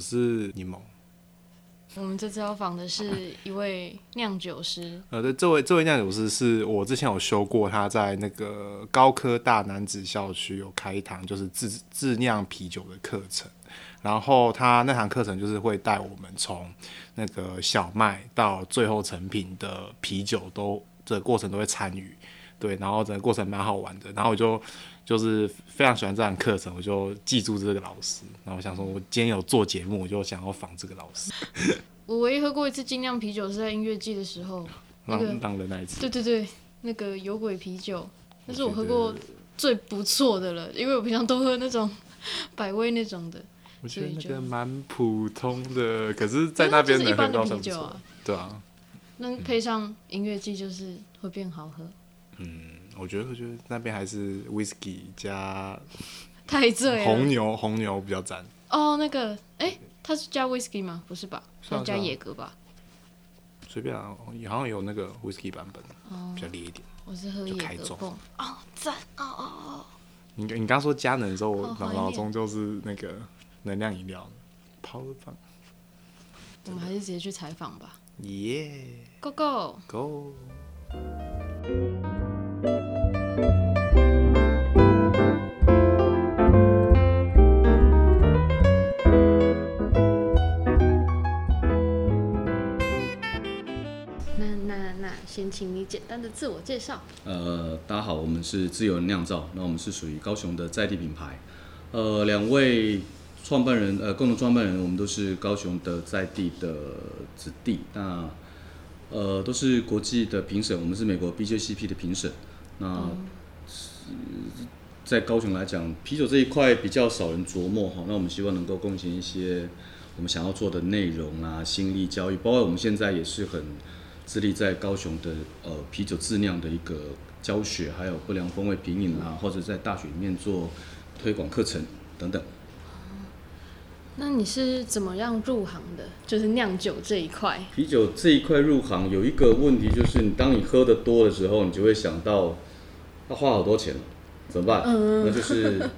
是檸檬。我們這次要訪的是一位釀酒師。 呃，對，這位這位釀酒師是我之前有修過，他在那個高科大男子校區有開一堂就是自自釀啤酒的課程。然後他那堂課程就是會帶我們從那個小麥到最後成品的啤酒都的、這個、過程都會參與。對，然後整個過程蠻好玩的。然後我就。就是非常喜歡這門課程，我就記住這個老師。然後我想說，我今天有做節目，我就想要訪這個老師。我唯一喝過一次精釀啤酒是在音樂季的時候， 那個、浪人那一次。對對對，那個有鬼啤酒，那是我喝過最不錯的了，因為我平常都喝那種百威那種的。我覺得蠻普通的，可是在那邊喝到很不錯，啊。對啊。那配上音樂季就是會變好喝。嗯。我覺得我覺得那邊還是 whiskey 加泰醉紅牛紅牛比較讚哦，oh, 那個哎、欸，它是加 whiskey 嗎？不是吧？要、啊啊、加野格吧？隨便啊，好像有那個 whiskey 版本，oh, 比較烈一點。我是喝野格。哦，讚哦哦哦。你你剛說加能的時候，腦、oh, 中就是那個能量飲料,、oh, 老老量飲料泡的飯我們還是直接去採訪吧。Yeah，go go go, go. 先請你簡單的自我介紹。呃，大家好，我們是自由人釀造，那我們是屬於高雄的在地品牌。呃，兩位創辦人，呃，共同創辦人，我們都是高雄的在地的子弟。那呃，都是國際的評審，我們是美國 BJCP 的評審。那、嗯、是在高雄來講，啤酒這一塊比較少人琢磨哈。那我們希望能夠貢獻一些我們想要做的內容啊，新力教育，包括我們現在也是很。致力在高雄的呃啤酒自釀的一個教學，還有不良風味品飲啊，或者在大學裡面做推廣課程等等。嗯，那你是怎麼樣入行的？就是釀酒這一塊？啤酒這一塊入行有一個問題，就是你當你喝得多的時候，你就會想到要花好多錢了，怎麼辦？嗯。那就是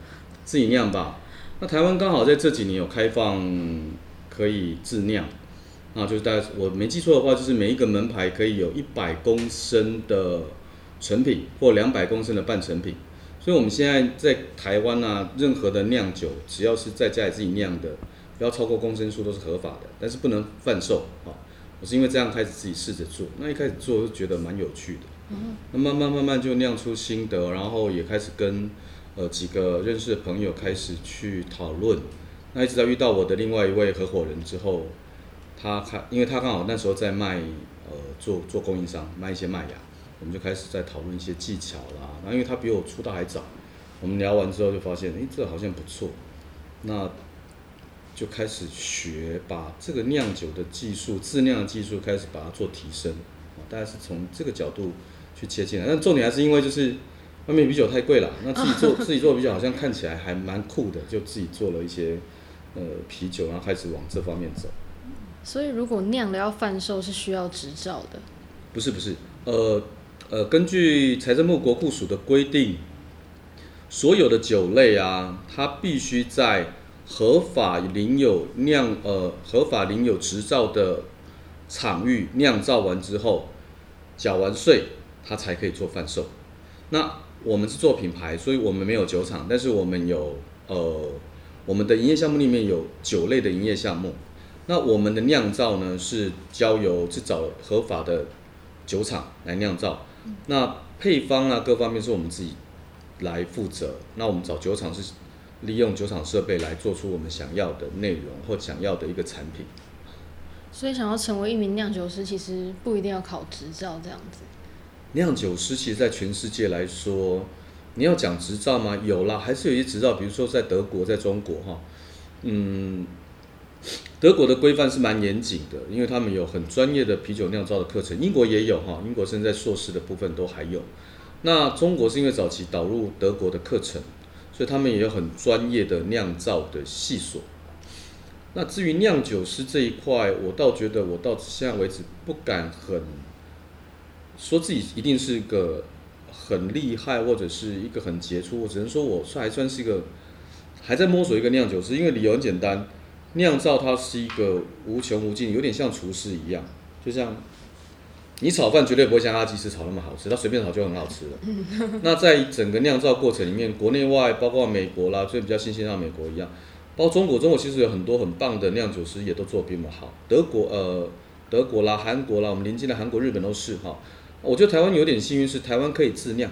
自己釀吧。 那台灣剛好在這幾年有開放可以自釀。那就是大概我沒記錯的話，就是每一個門牌可以有一百公升的成品或兩百公升的半成品。所以，我們現在在台灣啊，任何的釀酒只要是在家裡自己釀的，不要超過公升數都是合法的，但是不能販售啊。我是因為這樣開始自己試着做，那一開始做就覺得蠻有趣的。嗯。那慢慢慢慢就釀出心得，然後也開始跟呃幾個認識的朋友開始去討論。那一直到遇到我的另外一位合夥人之後。他看，因為他剛好那時候在賣，呃，做做供應商賣一些麥芽，我們就開始在討論一些技巧啦。然後因為他比我出道還早，我們聊完之後就發現，誒，這好像不錯，那就開始學把這個釀酒的技術、自釀的技術開始把它做提升。啊，大概是從這個角度去切進來，但重點還是因為就是外面啤酒太貴了，那自己做自己做啤酒好像看起來還蠻酷的，就自己做了一些呃啤酒，然後開始往這方面走。所以，如果釀了要販售，是需要執照的。不是不是，呃呃，根據財政部國庫署的規定，所有的酒類啊，它必須在合法領有釀呃合法領有執照的場域釀造完之後，繳完稅，它才可以做販售。那我們是做品牌，所以我們沒有酒廠，但是我們有呃我們的營業項目裡面有酒類的營業項目。那我們的釀造呢，是交由去找合法的酒廠來釀造。那配方啊，各方面是我們自己來負責。那我們找酒廠是利用酒廠設備來做出我們想要的內容或想要的一個產品。所以，想要成為一名釀酒師，其實不一定要考執照這樣子。釀酒師其實，在全世界來說，你要講執照嗎？有啦，還是有一些執照，比如說在德國，在中國，哈，嗯。德國的規範是蠻嚴謹的，因為他們有很專業的啤酒釀造的課程，英國也有哈，英國現在碩士的部分都還有。那中國是因為早期導入德國的課程，所以他們也有很專業的釀造的系所。那至於釀酒師這一塊，我倒覺得我到現在為止不敢很說自己一定是一個很厲害或者是一個很傑出，我只能說我算還算是一個還在摸索一個釀酒師，因為理由很簡單。釀造它是一個無窮無盡，有點像廚師一樣，就像你炒飯絕對不會像阿基師炒那麼好吃，它隨便炒就很好吃了。 那在整個釀造過程裡面，國內外包括美國啦，最比較新鮮的美國一樣，包括中國，中國其實有很多很棒的釀酒師，也都做比我們好。德國呃，德國啦，韓國啦，我們鄰近的韓國、日本都是哈、哦。我覺得台灣有點幸運是台灣可以自釀，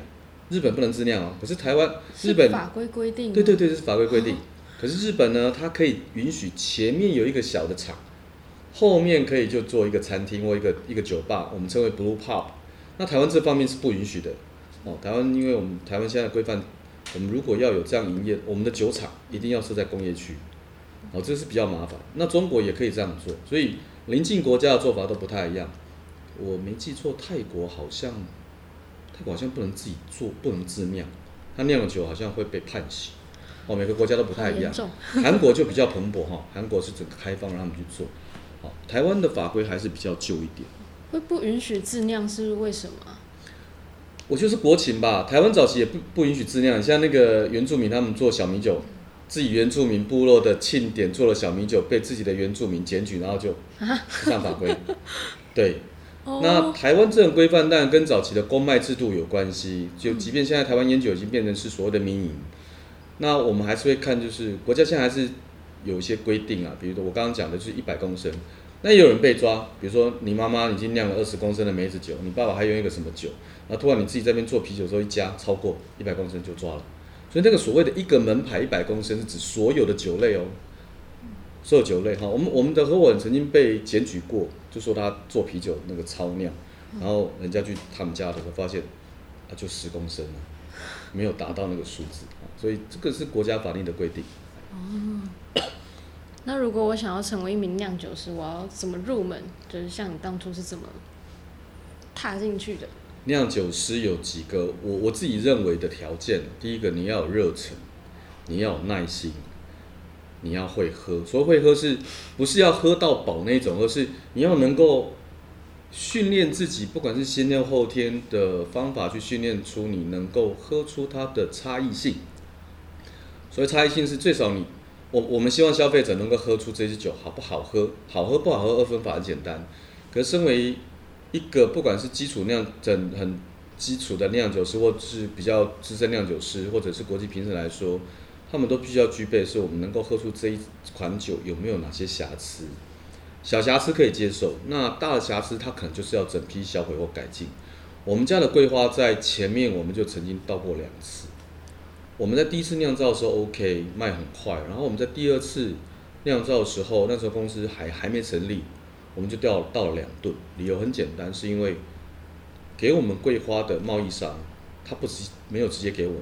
日本不能自釀啊、哦。可是台灣、啊、日本法規規定，對對對，這是法規規定。 可是日本呢，它可以允許前面有一個小的廠，後面可以就做一個餐廳或一個一個酒吧，我們稱為 brewpub。那台灣這方面是不允許的哦。台灣因為我們台灣現在規範，我們如果要有這樣營業，我們的酒廠一定要設在工業區，哦，這是比較麻煩。那中國也可以這樣做，所以臨近國家的做法都不太一樣。我沒記錯，泰國好像泰國好像不能自己做，不能自釀，他釀的酒好像會被判刑。哦，每個國家都不太一樣，韓 國就比較蓬勃哈，韓、哦、國是整個開放讓他們去做。哦、台灣的法規還是比較舊一點。會不允許自釀是為什麼？我就是國情吧，台灣早期也不不允許自釀，像那個原住民他們做小米酒，嗯、自己原住民部落的慶典做了小米酒，被自己的原住民檢舉，然後就上、啊、法規。 對、哦，那台灣這種規範當然跟早期的公賣制度有關係，就即便現在台灣菸酒已經變成是所謂的民營。那我們還是會看，就是國家現在還是有一些規定啊，比如說我剛剛講的就是一百公升，那也有人被抓，比如說你媽媽已經釀了二十公升的梅子酒，你爸爸還用一個什麼酒，那突然你自己這邊做啤酒的時候，一加超過一百公升就抓了，所以那個所謂的一個門牌一百公升是指所有的酒類哦，所有酒類哈。我們我們的合夥人曾經被檢舉過，就說他做啤酒那個超釀，然後人家去他們家的時候發現，啊就十公升了，沒有達到那個數字。所以這個是國家法律的規定。哦、嗯，那如果我想要成為一名釀酒師，我要怎麼入門？就是像你當初是怎麼踏進去的？釀酒師有幾個我我自己認為的條件，第一個，你要有熱忱，你要有耐心，你要會喝。所謂會喝是，是不是要喝到飽那種？而是你要能夠訓練自己，不管是先天後天的方法去，去訓練出你能夠喝出它的差異性。所以差異性是最少你、你我我們希望消費者能夠喝出這支酒好不好喝，好喝不好喝，二分法很簡單。可是身為一個不管是基礎釀整很基礎的釀酒師，或是比較資深釀酒師，或者是國際評審來說，他們都必須要具備，是我們能夠喝出這一款酒有沒有哪些瑕疵，小瑕疵可以接受，那大的瑕疵它可能就是要整批銷毀或改進。我們家的桂花在前面我們就曾經倒過兩次。我們在第一次釀造的時候，OK，賣很快。然後我們在第二次釀造的時候，那時候公司還還沒成立，我們就掉了到了兩噸。理由很簡單，是因為給我們桂花的貿易商，他不直沒有直接給我們，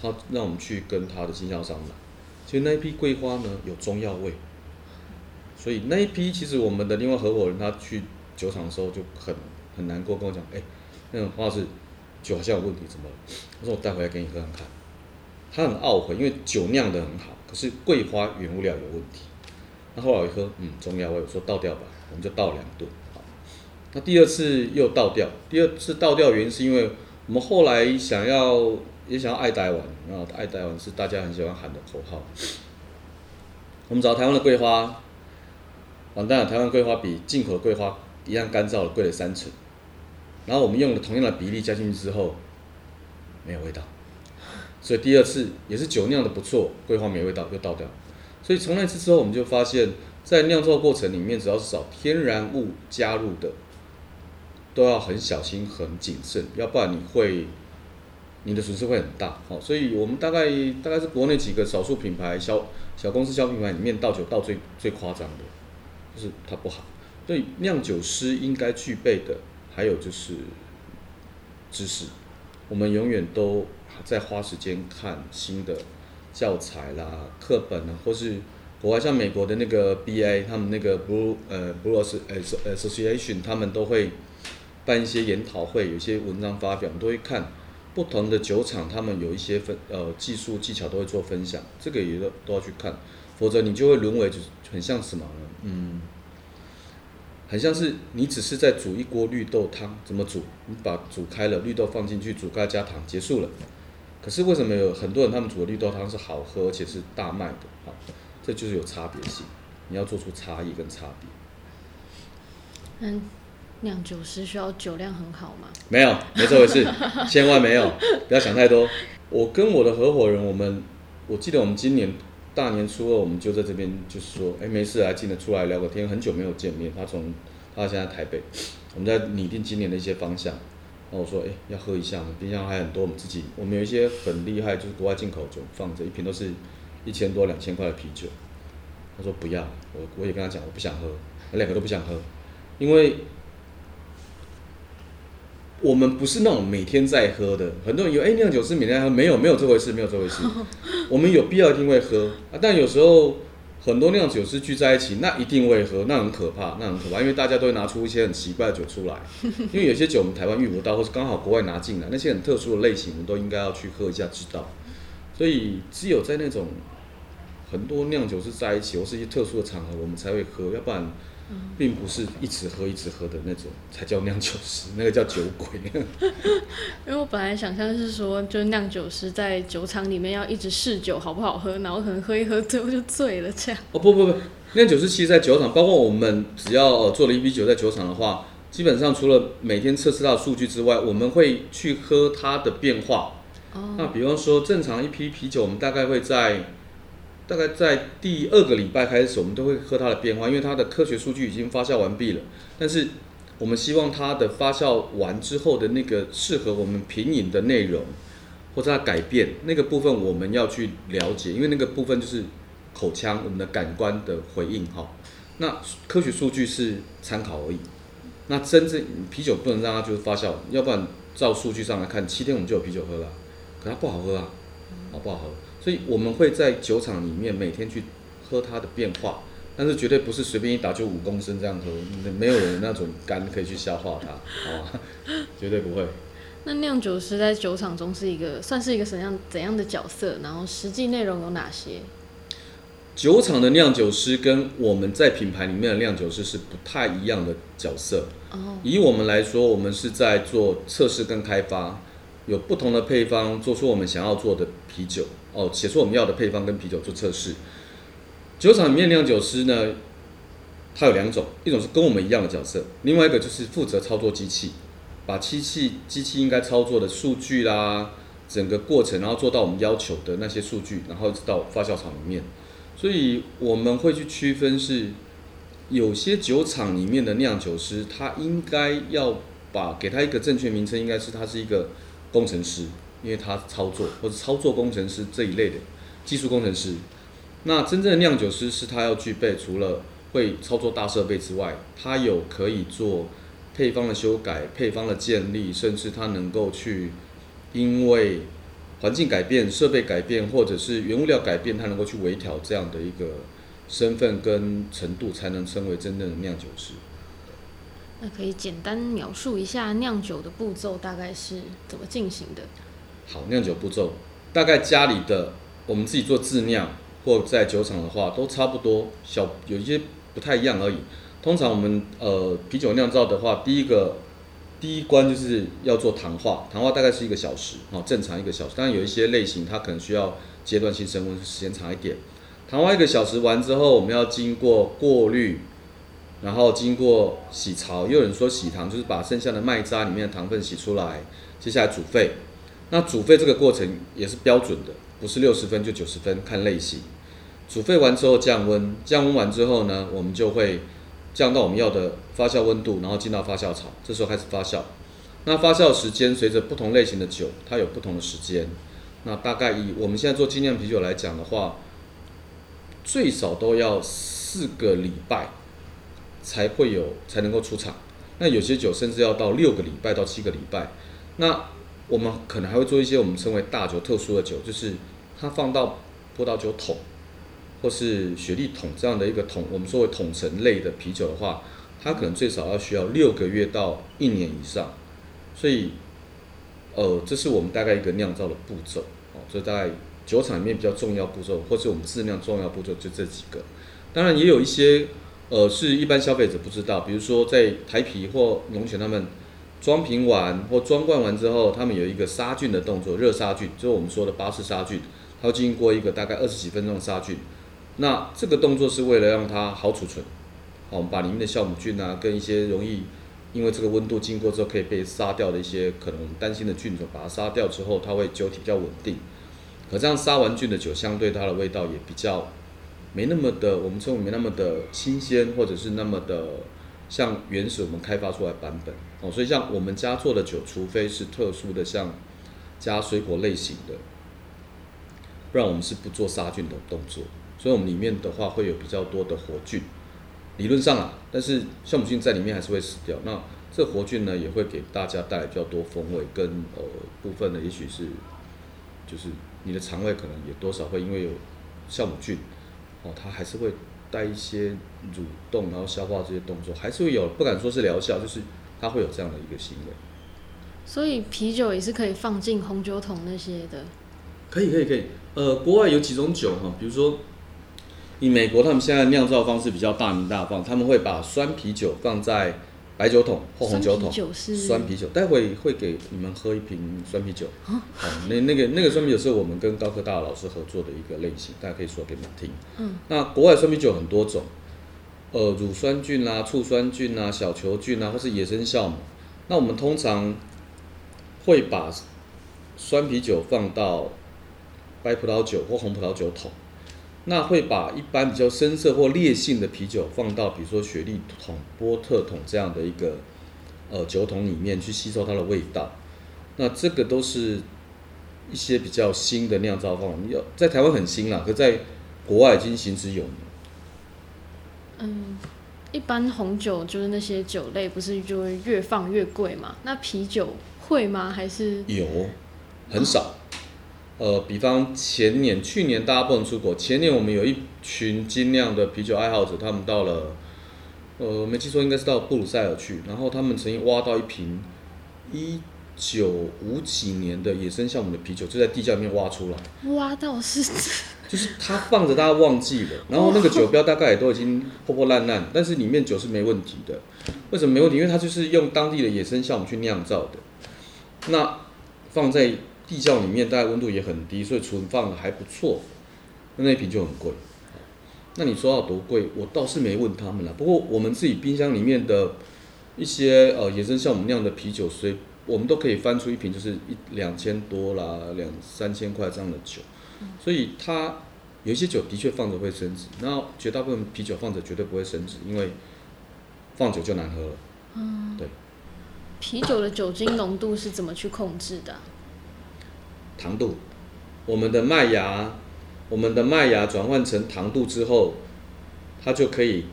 他讓我們去跟他的經銷商買。其實那一批桂花呢有中藥味，所以那一批其實我們的另外合夥人他去酒廠的時候就很很難過，跟我講：“哎，那個黃老師，酒好像有問題，怎麼了？”我說：“我帶回來給你喝看看。”他很懊悔，因為酒釀得很好，可是桂花原物料有問題。那後來我一喝，嗯，中藥味，我說倒掉吧，我們就倒兩噸。那第二次又倒掉，第二次倒掉原因是因為我們後來想要也想要愛台灣，然後愛台灣是大家很喜歡喊的口號。我們找台灣的桂花，完蛋了，台灣桂花比進口的桂花一樣乾燥了，貴了三成。然後我們用了同樣的比例加進去之後，沒有味道。所以第二次也是酒釀的不錯，桂花沒味道就倒掉。所以從那次之後，我們就發現，在釀造過程裡面，只要是找天然物加入的，都要很小心，很謹慎，要不然你會你的損失會很大。好，所以我們大概大概是國內幾個少數品牌，小小公司，小品牌裡面倒酒倒最最誇張的，就是它不好。所以釀酒師應該具備的，還有就是知識，我們永遠都。在花時間看新的教材啦、課本啊，或是國外像美國的那個 BA，他們那個 Blu, 呃 Blue 呃 b 呃 S Association，他們都會辦一些研討會，有些文章發表你都會看。不同的酒廠他們有一些分呃技術技巧都會做分享，這個也都都要去看，否則你就會淪為就是很像什麼嗯，很像是你只是在煮一鍋綠豆湯，怎麼煮？你把煮開了綠豆放進去，煮開加糖，結束了。可是為什麼有很多人他們煮的綠豆湯是好喝，而且是大賣的？好，這就是有差別性，你要做出差異跟差別。嗯，釀酒師需要酒量很好嗎？沒有，沒這回事，千萬沒有，不要想太多。我跟我的合夥人，我們我記得我們今年大年初二，我們就在這邊，就是說，哎、欸，沒事還記得出來聊個天，很久沒有見面。他從他現在台北，我們在擬定今年的一些方向。然後我說：“哎，要喝一下嗎？冰箱還很多，我們自己，我們有一些很厲害，就是國外進口酒放着，一瓶都是一千多、兩千塊的啤酒。”他說：“不要。”我我也跟他講：“我不想喝，他兩個都不想喝，因為我們不是那種每天在喝的。很多人以為哎，釀酒師每天喝，沒有，沒有這回事，沒有這回事。我們有必要一定會喝啊，但有時候。”很多釀酒師聚在一起，那一定會喝，那很可怕，那很可怕，因為大家都會拿出一些很奇怪的酒出來， 因為有些酒我們台灣遇不到，或是剛好國外拿進來，那些很特殊的類型，我們都應該要去喝一下，知道。所以只有在那種很多釀酒師在一起，或是一些特殊的場合，我們才會喝，要不然。並不是一直喝一直喝的那種才叫釀酒師，那個叫酒鬼。 因為我本來想象是說，就是釀酒師在酒廠裡面要一直試酒好不好喝，然後可能喝一喝最後就醉了這樣。哦，不不不不，釀酒師其實，在酒廠，包括我們只要呃做了一批酒在酒廠的話，基本上除了每天測試它的數據之外，我們會去喝它的變化。哦，那比方說正常一批啤酒，我們大概會在。大概在第二個禮拜開始，我們都會喝它的變化，因為它的科學數據已經發酵完畢了。但是我們希望它的發酵完之後的那個適合我們品飲的內容，或者它改變那個部分，我們要去了解，因為那個部分就是口腔我們的感官的回應哈。那科學數據是參考而已。那真正啤酒不能讓它就是發酵，要不然照數據上來看，七天我們就有啤酒喝了，可它不好喝啊，好不好喝？所以我們會在酒廠裡面每天去喝它的變化，但是絕對不是隨便一打就五公升這樣喝，沒有人那種肝可以去消化它、 哦，絕對不會。那釀酒師在酒廠中是一個算是一個怎樣怎樣的角色？然後實際內容有哪些？酒廠的釀酒師跟我們在品牌裡面的釀酒師是不太一樣的角色。Oh. 以我們來說，我們是在做測試跟開發，有不同的配方，做出我們想要做的啤酒。哦，寫出我們要的配方跟啤酒做測試。酒廠裡面釀酒師呢，他有兩種，一種是跟我們一樣的角色，另外一個就是負責操作機器，把機器機器應該操作的數據啦，整個過程，然後做到我們要求的那些數據，然後一直到發酵廠裡面。所以我們會去區分是，是有些酒廠裡面的釀酒師，他應該要把給他一個正確名稱，應該是他是一個工程師。因為他操作或者操作工程師這一類的技術工程師，那真正的釀酒師是他要具備，除了會操作大設備之外，他有可以做配方的修改、配方的建立，甚至他能夠去因為環境改變、設備改變或者是原物料改變，他能夠去微調這樣的一個身份跟程度，才能稱為真正的釀酒師。那可以簡單描述一下釀酒的步驟大概是怎麼進行的？好，釀酒步驟大概家裡的我們自己做自釀，或在酒廠的話都差不多，小有一些不太一樣而已。通常我們呃啤酒釀造的話，第一個第一關就是要做糖化，糖化大概是一個小時啊，正常一個小時，當然有一些類型它可能需要階段性升溫時間長一點。糖化一個小時完之後，我們要經過過濾，然後經過洗槽，也有人說洗糖就是把剩下的麥渣裡面的糖分洗出來，接下來煮沸。那煮沸這個過程也是標準的，不是六十分就九十分，看類型。煮沸完之後降溫，降溫完之後呢，我們就會降到我們要的發酵溫度，然後進到發酵槽，這時候開始發酵。那發酵時間隨着不同類型的酒，它有不同的時間。那大概以我們現在做精釀啤酒來講的話，最少都要四個禮拜才會有才能夠出廠。那有些酒甚至要到六個禮拜到七個禮拜。那我們可能還會做一些我們稱為大酒、特殊的酒，就是它放到葡萄酒桶或是雪莉桶這樣的一個桶，我們稱為桶陳類的啤酒的話，它可能最少要需要六個月到一年以上。所以，呃，這是我們大概一個釀造的步驟，哦、呃，所以大概酒廠裡面比較重要步驟，或是我們自釀重要步驟就這幾個。當然也有一些，呃，是一般消費者不知道，比如說在台啤或龍泉他們。裝瓶完或裝罐完之後，他們有一個殺菌的動作，熱殺菌，就是我們說的巴氏殺菌，它要經過一個大概二十幾分鐘的殺菌。那這個動作是為了讓它好儲存，好，我們把裡面的酵母菌啊，跟一些容易因為這個溫度經過之後可以被殺掉的一些可能擔心的菌種，把它殺掉之後，它會酒體比較穩定。可這樣殺完菌的酒，相對它的味道也比較沒那麼的，我們稱為沒那麼的新鮮，或者是那麼的。像原始我們開發出來版本哦所以像我們家做的酒，除非是特殊的像加水果類型的，不然我們是不做殺菌的動作。所以我們裡面的話會有比較多的活菌，理論上啊，但是酵母菌在裡面還是會死掉。那這活菌呢，也會給大家帶來比較多風味跟呃部分的，也許是就是你的腸胃可能也多少會因為有酵母菌哦，它還是會。帶一些蠕動，然後消化這些動作，還是會有，不敢說是療效，就是它會有這樣的一個行為。所以啤酒也是可以放進紅酒桶那些的。可以，可以，可以。呃，國外有幾種酒哈，比如說以美國他們現在釀造方式比較大鳴大放，他們會把酸啤酒放在。白酒桶或紅酒桶，酸啤酒是酸啤酒，待會會給你們喝一瓶酸啤酒。哦，那那個那個酸啤酒是，我們跟高科大老師合作的一個類型，大家可以說給你們聽。嗯，那國外酸啤酒很多種，呃，乳酸菌啊、醋酸菌啊、小球菌啊，或是野生酵母。那我們通常會把酸啤酒放到白葡萄酒或紅葡萄酒桶。那會把一般比較深色或烈性的啤酒放到，比如說雪莉桶、波特桶這樣的一個呃酒桶裡面去吸收它的味道。那這個都是一些比較新的釀造方法，在台灣很新啦，可在國外已經行之有年。嗯，一般紅酒就是那些酒類，不是就會越放越貴嘛？那啤酒會嗎？還是有，很少。啊呃，比方前年、去年大家不能出國，前年我們有一群精釀的啤酒愛好者。他們到了，呃，沒記錯應該是到布魯塞爾去，然後他們曾經挖到一瓶一九五幾年的野生酵母的啤酒，就在地窖裡面挖出來，挖到是，就是他放着，大家忘記了，然後那個酒標大概也都已經破破爛爛，但是裡面酒是沒問題的，為什麼沒問題？因為它就是用當地的野生酵母去釀造的，那放在。地窖裡面，大概溫度也很低，所以存放的還不錯。那那一瓶就很貴。那你說要多貴？我倒是沒問他們啦。不過我們自己冰箱裡面的一些呃，野生像我們釀的啤酒，所以我們都可以翻出一瓶，就是一兩千多啦，兩三千塊這樣的酒。嗯。所以它有一些酒的確放着會升值，然後絕大部分啤酒放着絕對不會升值，因為放酒就難喝了。嗯，對。啤酒的酒精濃度是怎麼去控制的？糖度，我們的麥芽，我們的麥芽轉換成糖度之後，它就可以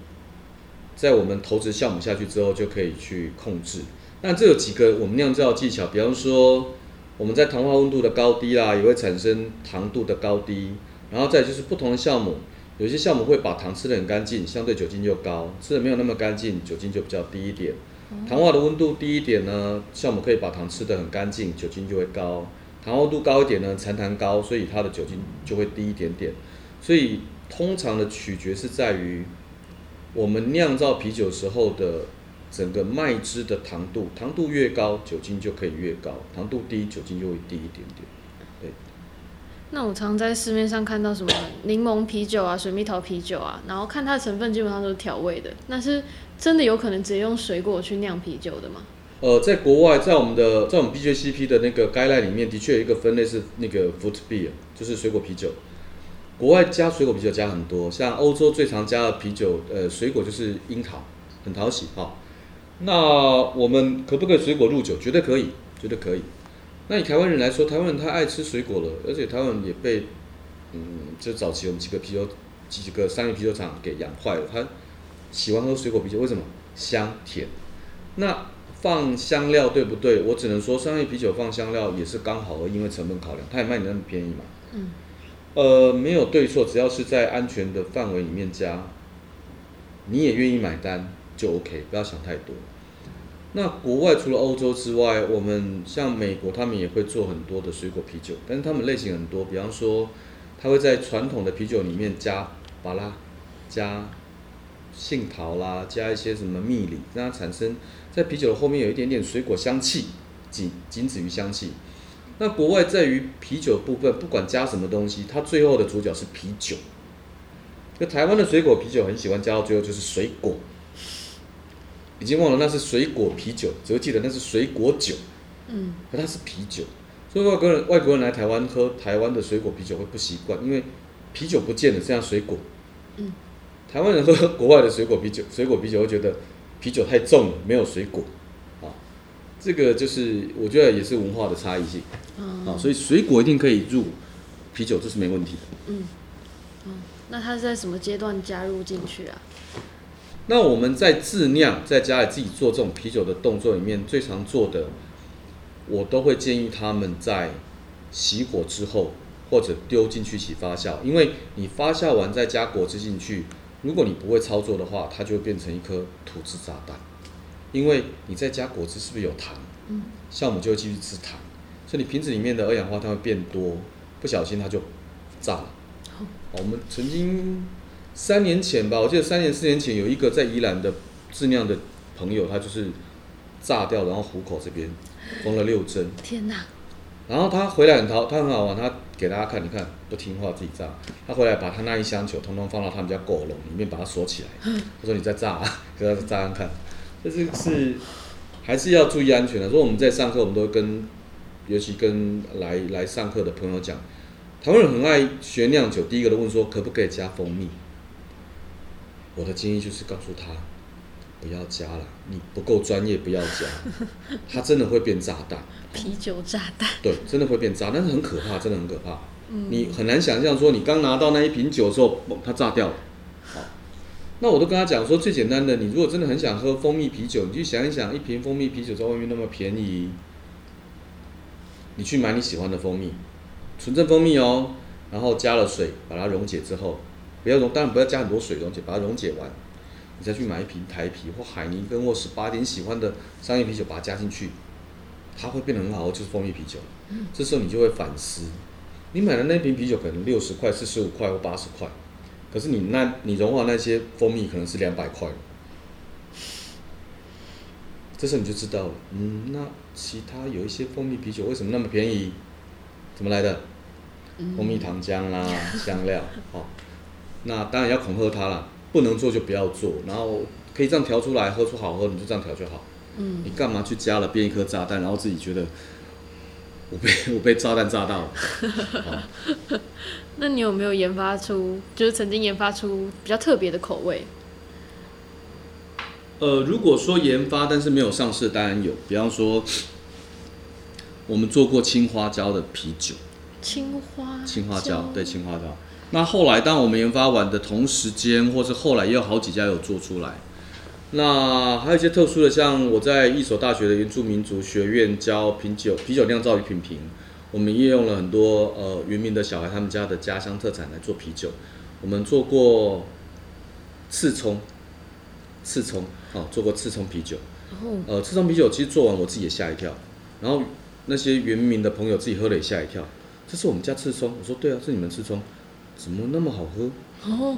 在我們投擲酵母下去之後就可以去控制。那這有幾個我們釀造的技巧，比方說我們在糖化溫度的高低啦，也會產生糖度的高低。然後再就是不同的酵母，有些酵母會把糖吃得很乾淨，相對酒精就高；吃得沒有那麼乾淨，酒精就比較低一點。糖化的溫度低一點呢，酵母可以把糖吃得很乾淨，酒精就會高。糖厚度高一點呢，殘糖高，所以它的酒精就會低一點點。所以通常的取決是在於我們釀造啤酒時候的整個麥汁的糖度，糖度越高，酒精就可以越高；糖度低，酒精就會低一點點。對。那我常在市面上看到什麼檸檬啤酒啊、水蜜桃啤酒啊，然後看它的成分基本上都是調味的，那是真的有可能直接用水果去釀啤酒的嗎？呃，在國外，在我們的在我們 BJCP 的那個 guideline 裡面，的確有一個分類是那個 fruit beer，就是水果啤酒。國外加水果啤酒加很多，像歐洲最常加的啤酒，呃，水果就是櫻桃，很討喜哈、哦。那我們可不可以水果入酒？絕對可以，絕對可以。那以台灣人來說，台灣人他愛吃水果了，而且台灣人也被，嗯，就早期我們幾個啤酒，幾個商業啤酒廠給養壞了，他喜歡喝水果啤酒，為什麼？香甜。那放香料對不對？我只能說，商業啤酒放香料也是剛好，而因為成本考量，他也賣你那麼便宜嘛。嗯。呃，沒有對錯，只要是在安全的範圍裡面加，你也願意買單就 OK，不要想太多。那國外除了歐洲之外，我們像美國，他們也會做很多的水果啤酒，但是他們類型很多，比方說，他會在傳統的啤酒裡面加巴拉、加杏桃啦，加一些什麼蜜李，讓它產生。在啤酒的後面有一點點水果香氣，僅僅止於香氣。那國外在於啤酒的部分，不管加什麼東西，它最後的主角是啤酒。那台灣的水果啤酒很喜歡加到最後就是水果，已經忘了那是水果啤酒，只記得那是水果酒。嗯，可它是啤酒，所以外國人外國人來台灣喝台灣的水果啤酒會不習慣，因為啤酒不見了，像水果。嗯，台灣人喝國外的水果啤酒，水果啤酒會覺得。啤酒太重了，沒有水果，啊，這個就是我覺得也是文化的差異性，嗯，啊，所以水果一定可以入啤酒，這是沒問題的。嗯，嗯，那它是在什麼階段加入進去啊？那我們在自釀，在家裡自己做這種啤酒的動作裡面，最常做的，我都會建議他們在熄火之後，或者丟進去起發酵，因為你發酵完再加果汁進去。如果你不會操作的話，它就會變成一顆土製炸彈，因為你在加果汁是不是有糖？嗯，酵母就會繼續吃糖，所以你瓶子裡面的二氧化碳會變多，不小心它就炸了。哦、好，我們曾經三年前吧，我記得三年、四年前有一個在宜蘭的自釀的朋友，他就是炸掉，然後虎口這邊縫了六針。天吶！然後他回來很淘，他很好玩，他給大家看，你看不聽話自己炸。他回來把他那一箱酒通通放到他們家狗籠裡面，把它鎖起來。他說：“你再炸啊，給他炸看看。”這是是還是要注意安全的。說我們在上課，我們都會跟，尤其跟來來上課的朋友講，台灣人很愛學釀酒。第一個都問說：“可不可以加蜂蜜？”我的建議就是告訴他。不要加了，你不夠專業，不要加。 它真的會變炸彈，啤酒炸彈。對，真的會變炸，但是很可怕，真的很可怕。嗯、你很難想象說，你剛拿到那一瓶酒的時候，嘣，它炸掉了。好，那我都跟他講說，最簡單的，你如果真的很想喝蜂蜜啤酒，你就想一想，一瓶蜂蜜啤酒在外面那麼便宜，你去買你喜歡的蜂蜜，純正蜂蜜哦，然後加了水把它溶解之後，不要溶，當然不要加很多水溶解，把它溶解完。你再去買一瓶台啤或海尼根或十八點你喜歡的商業啤酒，把它加進去，它會變得很好喝，就是蜂蜜啤酒、嗯。這時候你就會反思，你買的那瓶啤酒可能六十塊、四十五塊或八十塊，可是你那你融化那些蜂蜜可能是兩百塊。這時候你就知道了，嗯，那其他有一些蜂蜜啤酒為什麼那麼便宜？怎麼來的？嗯、蜂蜜糖漿啦、香料， 好，那當然要恐嚇他了。不能做就不要做，然後可以這樣調出來，喝出好喝，你就這樣調就好。嗯。你幹嘛去加了編一顆炸彈，然後自己覺得我被我被炸彈炸到了？ 那你有沒有研發出，就是曾經研發出比較特別的口味？呃，如果說研發但是沒有上市，當然有，比方說我們做過青花椒的啤酒，青花青花椒對青花椒。對那後來，當我們研發完的同時間，或是後來也有好幾家有做出來。那還有一些特殊的，像我在一所大學的原住民族學院教啤酒啤酒釀造與品評，我們應用了很多呃原民的小孩他們家的家鄉特產來做啤酒。我們做過刺蔥，刺蔥，好、啊，做過刺蔥啤酒。呃，刺蔥啤酒其實做完我自己也嚇一跳，然後那些原民的朋友自己喝了也嚇一跳。這是我們家刺蔥，我說對啊，是你們刺蔥。怎麼那麼好喝？哦、oh,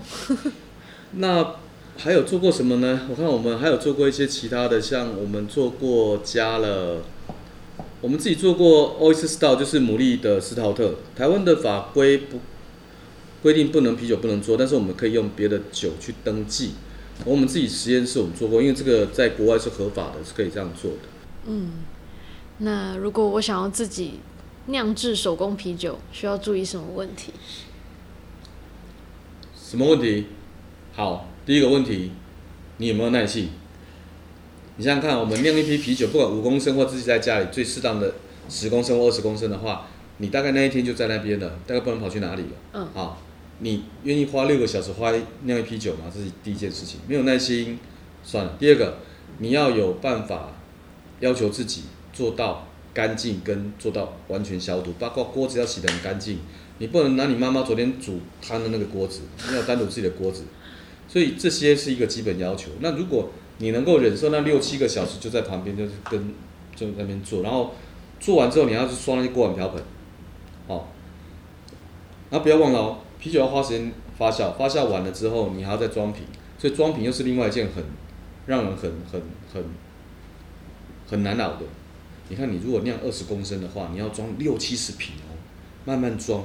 那還有做過什麼呢？我看我們還有做過一些其他的，像我們做過加了，我們自己做過 oyster style 就是牡蠣的斯陶特。台灣的法規不規定不能啤酒不能做，但是我們可以用別的酒去登記。我們自己實驗室，我們做過，因為這個在國外是合法的，是可以這樣做的。嗯，那如果我想要自己釀制手工啤酒，需要注意什麼問題？什麼問題？好，第一個問題，你有沒有耐性？你想想看，我們釀一批啤酒，不管五公升或自己在家裡最適當的十公升或二十公升的話，你大概那一天就在那邊了，大概不能跑去哪裡了。嗯，好，你願意花六個小時花釀一批酒嗎？這是第一件事情，沒有耐心，算了。第二個，你要有辦法要求自己做到、乾淨跟做到完全消毒，包括鍋子要洗得很乾淨，你不能拿你媽媽昨天煮湯的那個鍋子，你要單獨自己的鍋子，所以這些是一個基本要求。那如果你能夠忍受那六七個小時就在旁邊，就是跟就在那邊做，然後做完之後你還要去刷那些鍋碗瓢盆，好、哦，那不要忘了哦，啤酒要花時間發酵，發酵完了之後你還要再裝瓶，所以裝瓶又是另外一件很讓人很很很很難熬的。你看，你如果釀二十公升的話，你要裝六七十瓶哦，慢慢裝。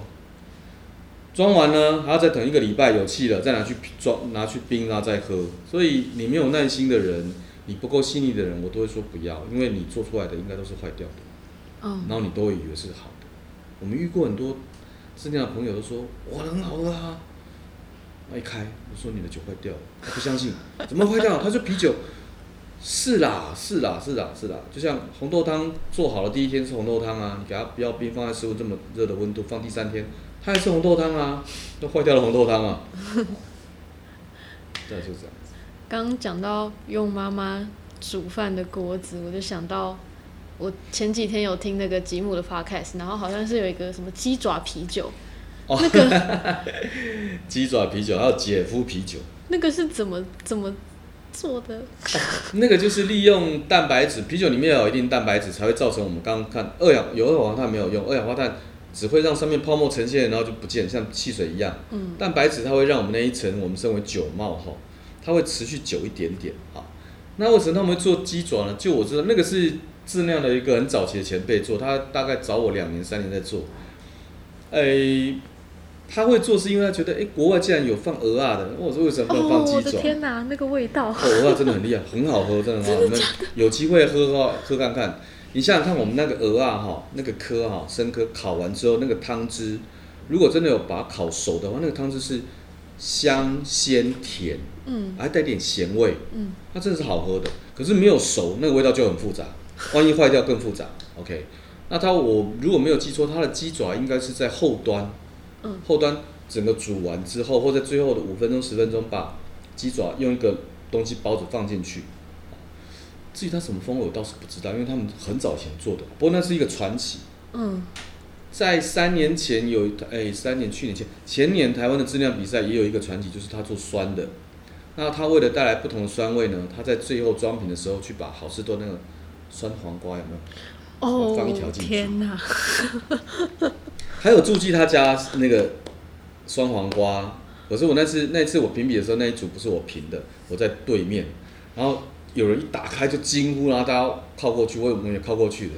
裝完呢，還要再等一個禮拜，有氣了再拿去裝，拿去冰啦再喝。所以，你沒有耐心的人，你不夠細膩的人，我都會說不要，因為你做出來的應該都是壞掉的。嗯、哦。然後你都會以為是好的。我們遇過很多這樣的朋友都說哇，很好喝啊！」那一開我說你的酒壞掉了，他不相信，怎麼壞掉了？他說啤酒。是啦，是啦，是啦，是啦，就像紅豆湯做好了，第一天是紅豆湯啊，你給它不要冰，放在食物這麼熱的溫度，放第三天，它還是紅豆湯啊，就壞掉了紅豆湯啊。這樣就是這樣。剛講到用媽媽煮飯的鍋子，我就想到，我前幾天有聽那個吉姆的 podcast，然後好像是有一個什麼雞爪啤酒，哦、那個雞 爪啤酒還有姐夫啤酒，那個是怎麼怎麼？做的、啊、那個就是利用蛋白質，啤酒裡面有一定蛋白質才會造成我們剛剛看，二氧有二氧化碳沒有用，二氧化碳只會讓上面泡沫呈現，然後就不見，像汽水一樣。蛋白質它會讓我們那一層，我們稱為酒帽哈，它會持續久一點點好、啊，那為什麼他們會做雞爪呢？就我知道那個是質量的一個很早期的前輩做，他大概找我兩年三年在做，哎、欸。他會做是因為他覺得，哎、欸，國外竟然有放蚵仔的，我、哦、說為什麼沒有放雞爪、哦？我的天哪、啊，那個味道！ 哦，蚵仔真的很厲害，很好喝，真的我真的的你們有機會喝喝看看。你想想看，我們那個蚵仔哈，那個殼哈，生、那、殼、個、烤完之後，那個湯汁，如果真的有把它烤熟的話，那個湯汁是香鮮甜，嗯，還帶點鹹味，嗯，它真的是好喝的。可是沒有熟，那個味道就很複雜，萬一壞掉更複雜。OK，那它我如果沒有記錯，它的雞爪應該是在後端。嗯，後端整個煮完之後，或在最後的五分鐘、十分鐘，分鐘把雞爪用一個東西包着放進去。至於他什麼風味，我倒是不知道，因為他們很早前做的。不過那是一個傳奇。嗯，在三年前有哎三年去年前前年台灣的質量比賽也有一個傳奇，就是他做酸的。那他為了帶來不同的酸味呢，他在最後裝瓶的時候去把好市多那個酸黃瓜有沒有？哦，放一條進去，天哪！ 還有朱記他家那個酸黃瓜，可是我那次那次我評比的時候，那一組不是我評的，我在對面，然後有人一打開就驚呼，然後大家靠過去，我也沒有靠過去的，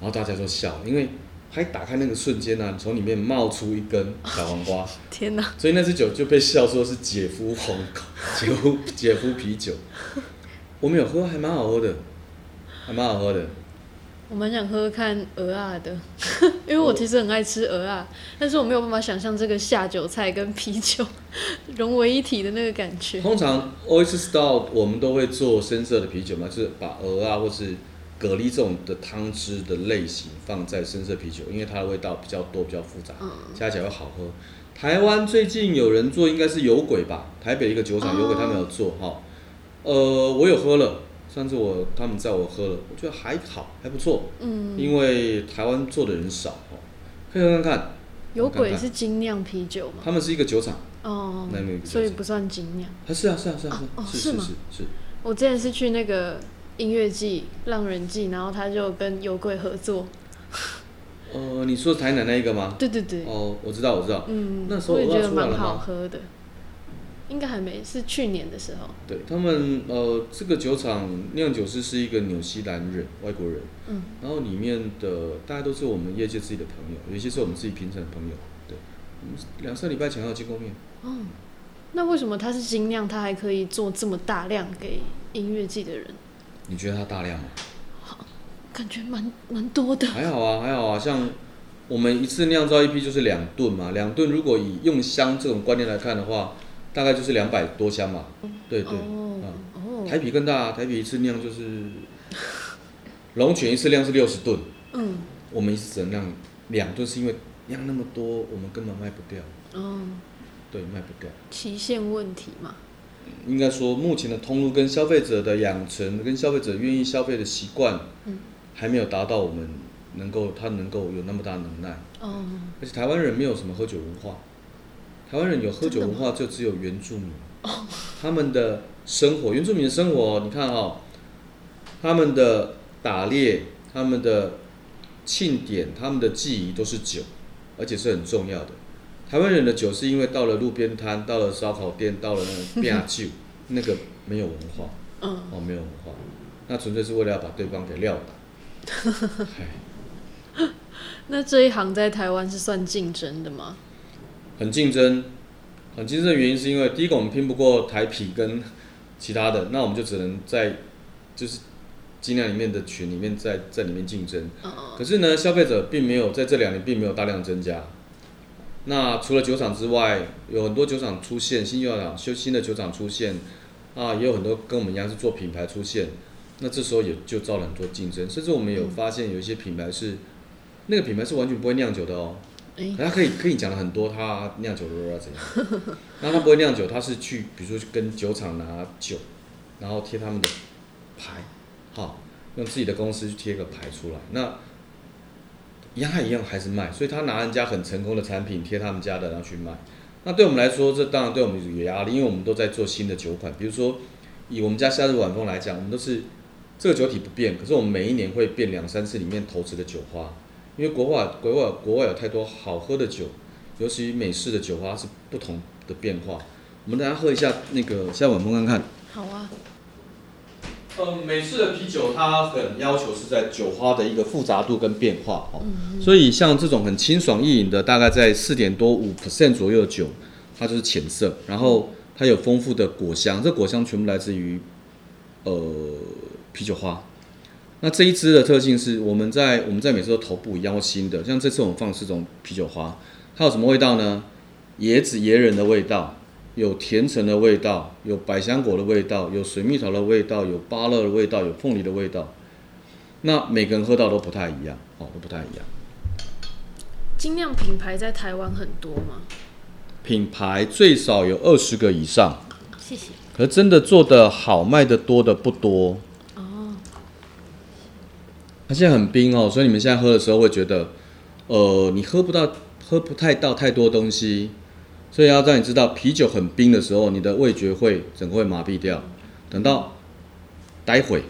然後大家都笑，因為他一打開那個瞬間呢、啊，從裡面冒出一根小黃瓜，天哪、啊！所以那只酒就被笑說是姐夫黃，姐夫姐夫啤酒，我沒有喝，還蠻好喝的，還蠻好喝的。我蠻想喝，喝看蚵仔的，因為我其實很愛吃蚵仔，oh, 但是我沒有辦法想象這個下酒菜跟啤酒，融為一體的那個感覺。通常 Oyster Stout 我們都會做深色的啤酒嘛，就是把蚵仔或是蛤蜊這種的湯汁的類型放在深色啤酒，因為它的味道比較多比較複雜，加起來會好喝。台灣最近有人做，應該是有鬼吧？台北一個酒廠有鬼，oh. 油他沒有做哈、哦。呃，我有喝了。上次我他們叫我喝了，我覺得還好，還不錯。嗯，因為台灣做的人少、喔、可以看看看。有鬼看看是精釀啤酒嗎？他們是一個酒廠哦、嗯，所以不算精釀。它是啊，是啊，是啊，啊是啊啊是，是嗎是？是。我之前是去那個音樂祭、浪人祭，然後他就跟有鬼合作。 呃，你說台南那一個嗎？對對對。哦，我知道，我知道。嗯，那時候我也覺得蠻好喝的。應該還沒是去年的時候。對他們呃，這個酒廠釀酒師是一個紐西蘭人，外國人。嗯。然後裡面的大家都是我們業界自己的朋友，有些是我們自己平常的朋友。對，兩三禮拜前要見過面嗯。嗯，那為什麼他是精釀，他還可以做這麼大量給音樂界的人？你覺得他大量嗎？感覺蠻蠻多的。還好啊，還好啊，像我們一次釀造一批就是兩噸嘛，兩噸。如果以用香這種觀念來看的話。大概就是兩百多箱嘛，嗯、對,對對，哦嗯、台啤更大，台啤一次量就是龍泉，一次量是六十噸，嗯，我們一次只能釀兩噸，是因為釀那麼多我們根本賣不掉、嗯，對，賣不掉，期限問題嘛，應該說目前的通路跟消費者的養成跟消費者願意消費的習慣，還沒有達到我們能夠他能夠有那麼大能耐，嗯、而且台灣人沒有什麼喝酒文化。台灣人有喝酒文化，就只有原住民。Oh. 他們的生活，原住民的生活，哦，你看哈，哦，他們的打獵，他們的慶典，他們的祭儀都是酒，而且是很重要的。台灣人的酒是因為到了路邊攤，到了燒烤店，到了那個拼酒， 那個沒有文化，嗯、uh.，哦，沒有文化，那純粹是為了要把對方給撂倒 那這一行在台灣是算競爭的嗎？很競爭，很競爭的原因是因為第一個，我們拼不過台啤跟其他的，那我們就只能在就是精釀裡面的群裡面在在裡面競爭。可是呢，消費者並沒有在這兩年並沒有大量增加。那除了酒廠之外，有很多酒廠出現新酒廠，新新的酒廠出現啊，也有很多跟我們一樣是做品牌出現。那這時候也就造了很多競爭，甚至我們有發現有一些品牌是那個品牌是完全不會釀酒的哦。可他可以可以講了很多，他釀酒的如何怎樣， 那他不會釀酒，他是去比如說去跟酒廠拿酒，然後貼他們的牌，好、哦、用自己的公司去貼個牌出來，那一樣一樣還是賣。所以他拿人家很成功的產品貼他們家的，然後去賣。那對我們來說，這當然對我們有壓力，因為我們都在做新的酒款，比如說以我們家夏日晚風來講，我們都是這個酒體不變，可是我們每一年會變兩三次裡面投資的酒花。因為國外、國外、國外有太多好喝的酒，尤其美式的酒花是不同的變化。我們大家喝一下那個，現在我們看看。好啊。呃、嗯，美式的啤酒它很要求是在酒花的一個複雜度跟變化，嗯、所以像這種很清爽易飲的，大概在四點多五 percent 左右的酒，它就是淺色，然後它有豐富的果香，這個、果香全部來自於呃啤酒花。那這一支的特性是我們在我們在每次都頭部腰新的，像這次我們放四種啤酒花，它有什麼味道呢？椰子椰仁的味道，有甜橙的味道，有百香果的味道，有水蜜桃的味道，有芭樂的味道，有鳳梨的味道。那每個人喝到都不太一樣哦，都不太一樣。精釀品牌在台灣很多嗎？品牌最少有二十個以上，謝謝。可真的做的好賣的多的不多。它現在很冰哦，所以你們現在喝的時候會覺得，呃，你喝不到，喝不太到太多東西，所以要讓你知道，啤酒很冰的時候，你的味覺會整個會麻痹掉。等到待會，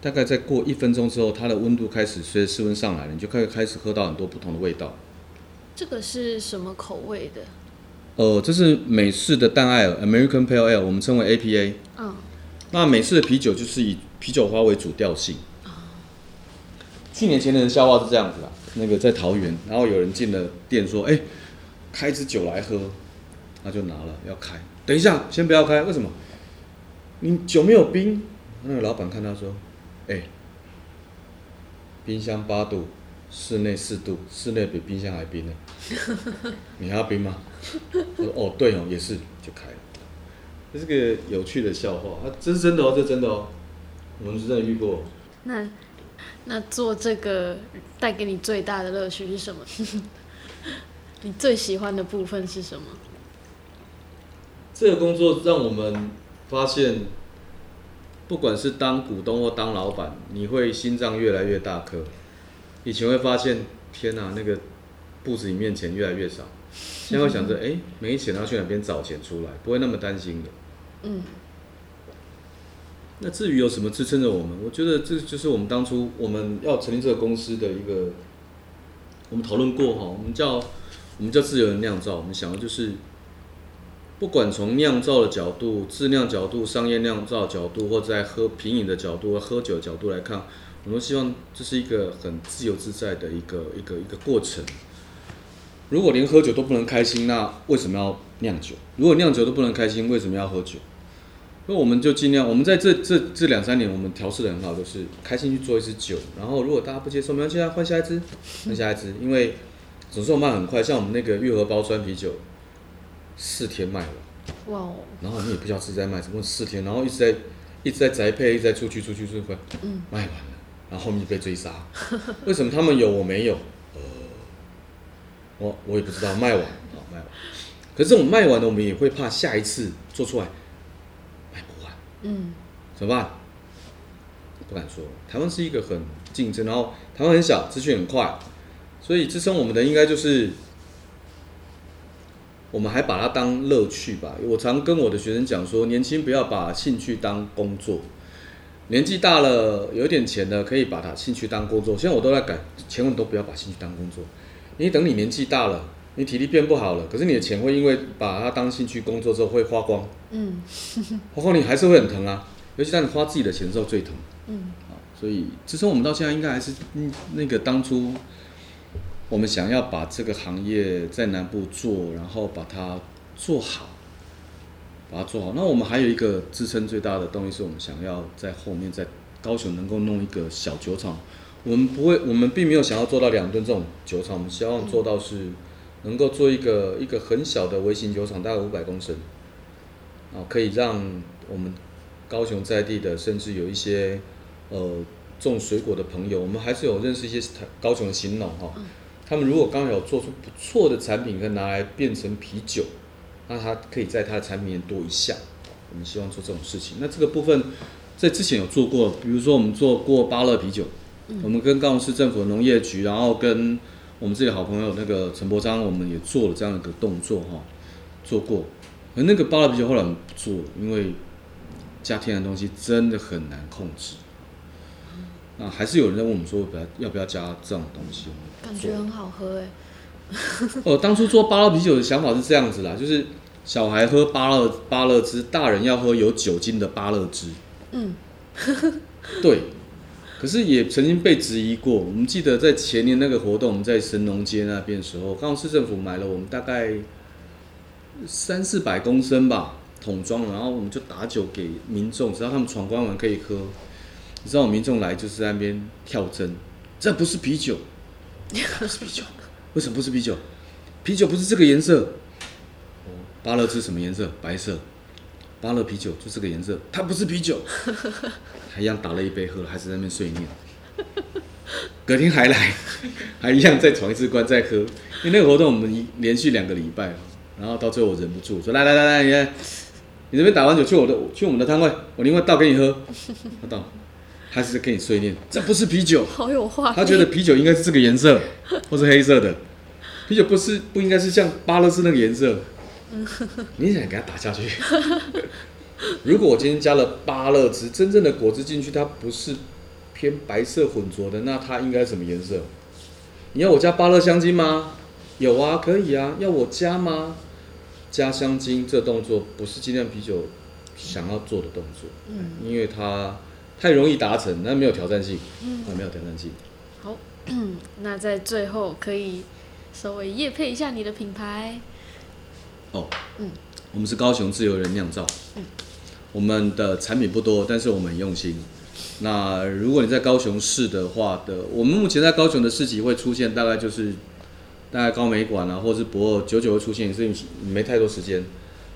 大概再過一分鐘之後，它的溫度開始隨着室溫上來了，你就可以開始喝到很多不同的味道。這個是什麼口味的？呃，這是美式的淡愛爾 （American Pale Ale），我們稱為 APA。嗯。那美式的啤酒就是以啤酒花為主調性。去年前年的笑話是這樣子的，那個在桃園，然後有人進了店說：“哎、欸，開支酒來喝。”他就拿了要開，等一下先不要開，為什麼？你酒沒有冰？那個老板看他說：“哎、欸，冰箱八度，室內四度，室內比冰箱還冰呢。”你還要冰嗎？他說：“哦，對哦，也是。”就開了。這是個有趣的笑話啊，這是真的哦，這是真的哦，我們是真的遇過。那。那做這個帶給你最大的樂趣是什麼？ 你最喜歡的部分是什麼？這個工作讓我們發現，不管是當股東或當老板，你會心臟越來越大顆。以前會發現，天哪，那個布置裡面錢越來越少，現在會想着， 誒，沒錢，要去哪邊找錢出來，不會那麼擔心的。嗯。那至於有什麼支撐着我們？我覺得這就是我們當初我們要成立這個公司的一個，我們討論過哈，我們叫我們叫自由人釀造。我們想的就是，不管從釀造的角度、質量角度、商業釀造角度，或者在喝品飲的角度、喝酒的角度來看，我們都希望這是一個很自由自在的一個一個一個過程。如果連喝酒都不能開心，那為什麼要釀酒？如果釀酒都不能開心，為什麼要喝酒？那我們就盡量，我們在這這這兩三年，我們調試的很好，就是開心去做一支酒。然後如果大家不接受，沒關係啊，換下一支，換下一支，因為，總是我賣很快，像我們那個玉荷包酸啤酒，四天賣完，哇哦！然後你也不曉得是在賣什麼，四天，然後一直在一直在宅配，一直在出去出去出去，嗯，賣完了，然後後面就被追殺。為什麼他們有我沒有？呃，我我也不知道。賣完，好賣完。可是這種賣完的，我們也會怕下一次做出來。嗯，怎麼辦？不敢說。台灣是一個很競爭，然後台灣很小，資訊很快，所以支撐我們的應該就是我們還把它當樂趣吧。我常跟我的學生講說，年輕不要把興趣當工作，年紀大了有點錢的可以把它興趣當工作。現在我都在改，千萬都不要把興趣當工作，因為等你年紀大了。你體力變不好了，可是你的錢會因為把它當興趣工作之後會花光，嗯， 花光你還是會很疼啊，尤其當你花自己的錢的時候最疼，嗯，好，所以支撐我們到現在應該還是那個當初我們想要把這個行業在南部做，然後把它做好，把它做好。那我們還有一個支撐最大的東西，是我們想要在後面在高雄能夠弄一個小酒廠，我們不會，我們並沒有想要做到兩噸這種酒廠，我們希望做到是、嗯。能夠做一個一個很小的微型酒廠，大概五百公升，啊、哦，可以讓我們高雄在地的，甚至有一些呃種水果的朋友，我們還是有認識一些高雄的新農哈、哦，他們如果剛好有做出不錯的產品，可以拿來變成啤酒，那他可以在他的產品裡面多一項，我們希望做這種事情。那這個部分在之前有做過，比如說我們做過芭樂啤酒、嗯，我們跟高雄市政府農業局，然後跟我們自己的好朋友那個陳伯章，我們也做了這樣一個動作哈，做過。可那個芭樂啤酒後來我們不做，因為加天然東西真的很難控制。那、嗯啊、還是有人在問我們說，要不要不要加這樣的東西？感覺很好喝哎。哦 、呃，當初做芭樂啤酒的想法是這樣子啦，就是小孩喝芭樂芭樂汁，大人要喝有酒精的芭樂汁。嗯， 對。可是也曾經被質疑過。我們記得在前年那個活動，我們在神農街那邊的時候，剛剛市政府買了我們大概三四百公升吧，桶裝，然後我們就打酒給民眾，只要他們闖關完可以喝。你知道，民眾來就是在那邊跳針，這不是啤酒，不是啤酒，為什麼不是啤酒？啤酒不是這個顏色，芭樂是什麼顏色？白色，芭樂啤酒就是這個顏色，它不是啤酒。還一樣打了一杯喝，還是在那邊碎念。隔天還來，還一樣再闖一次關再喝。因為，欸，那個活動我們一連續兩個禮拜，然後到最後我忍不住說：“來來來來，你你這邊打完酒去我的去我們的攤位，我另外倒給你喝。”他倒，還是在給你碎念。這不是啤酒，好有話他覺得啤酒應該是這個顏色，或是黑色的。啤酒不是不應該是像巴勒斯那個顏色。你想給他打下去？如果我今天加了芭樂汁，真正的果汁進去，它不是偏白色混濁的，那它應該什麼顏色？你要我加芭樂香精嗎？有啊，可以啊，要我加嗎？加香精這動作不是今天啤酒想要做的動作，嗯，因為它太容易達成，那沒，沒有挑戰性，嗯，沒有挑戰性。好， 那在最後可以稍微業配一下你的品牌。哦、oh，嗯，我們是高雄自由人釀造，嗯。我們的產品不多，但是我們很用心。那如果你在高雄市的話的，我們目前在高雄的市集會出現，大概就是大概高美館啊，或者是駁二九九會出現，所以沒太多時間。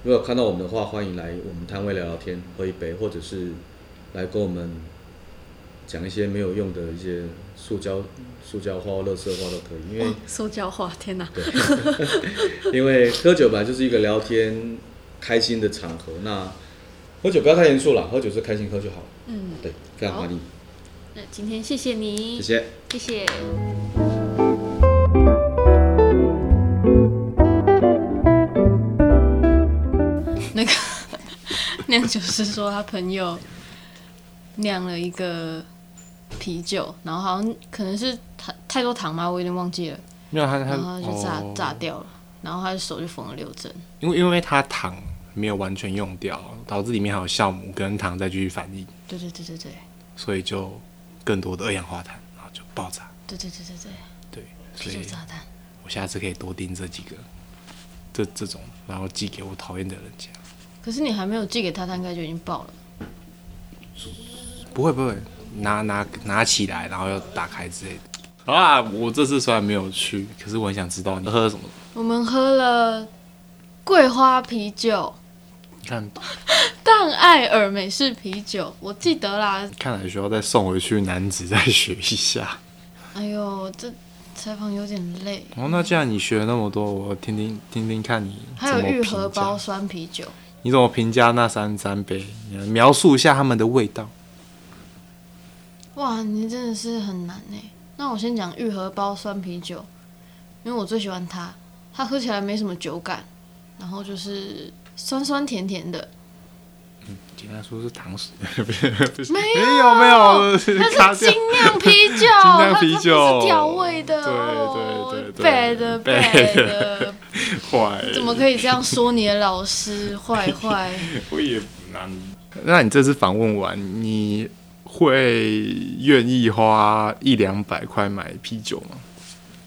如果看到我們的話，歡迎來我們攤位聊聊天，喝一杯，或者是來跟我們講一些沒有用的一些塑膠塑膠話、樂色話都可以。因為塑膠話，天哪！ 因為喝酒吧，就是一個聊天開心的場合，那。喝酒不要太嚴肅了，喝酒是開心喝就好。嗯，對，非常歡迎。那今天謝謝你，謝謝，謝謝。那個釀酒師說他朋友釀了一個啤酒，然後好像可能是糖太多糖嗎？我有點忘記了。沒有，他然後他就炸、哦、炸掉了，然後他的手就縫了六針，因為因為他糖，沒有完全用掉，導致裡面還有酵母跟糖在繼續反應。對對對對、對、對。所以就更多的二氧化碳，然後就爆炸。對對對對對、對。對，所以，我下次可以多訂這幾個，這這種，然後寄給我討厭的人家。可是你還沒有寄給他，他應該就已經爆了。不會不會，拿拿拿起來，然後要打開之類的。好啊，我這次雖然沒有去，可是我很想知道你都喝了什麼。我們喝了桂花啤酒。但愛爾美式啤酒，我記得啦。看來需要再送回去，男子再學一下。哎呦，這採訪有點累哦。那既然你學了那麼多，我聽聽聽聽看你。還有玉荷包酸啤酒，你怎麼評價那三三杯？描述一下他們的味道。哇，你真的是很難呢。那我先講玉荷包酸啤酒，因為我最喜歡它，它喝起來沒什麼酒感，然後就是。酸酸甜甜的，嗯，聽他說是糖水，沒有，沒有，沒有沒有，那是精釀啤酒，精釀啤酒、哦、是調味的、哦，對對對，對，壞的，壞的壞的壞的壞的壞的怎麼可以這樣說你的老師？壞壞，我也，那你這次訪問完，你會願意花一兩百塊買啤酒嗎？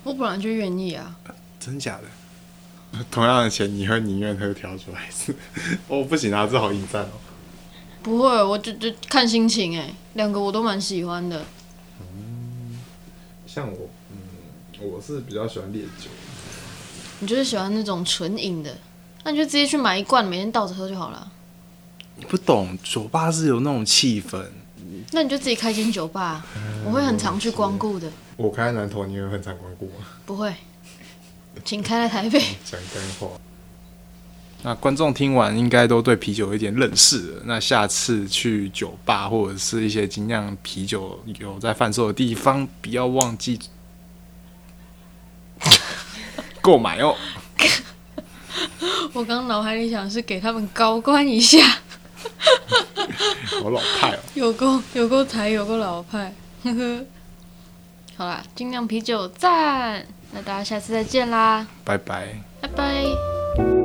我本來就願意啊，啊真假的？同樣的錢，你會寧願喝調出來一次？我、哦、不行啊，只好飲戰哦。不會，我就就看心情哎、欸，兩個我都蠻喜歡的。嗯，像我，嗯，我是比較喜歡烈酒。你就是喜歡那種純飲的，那你就直接去買一罐，每天倒着喝就好了。你不懂，酒吧是有那種氣氛。那你就自己開間酒吧、嗯，我會很常去光顧的。我開在南投，你會很常光顧嗎？不會。請開到台北。嗯、那觀眾聽完應該都對啤酒有點認識了。那下次去酒吧或者是一些精釀啤酒有在販售的地方，不要忘記購 買哦。 我剛腦海裡想的是給他們高官一下。有 老派哦。有夠有夠台有夠老派。 好啦，精釀啤酒贊。讚那大家下次再見啦！拜拜！拜拜。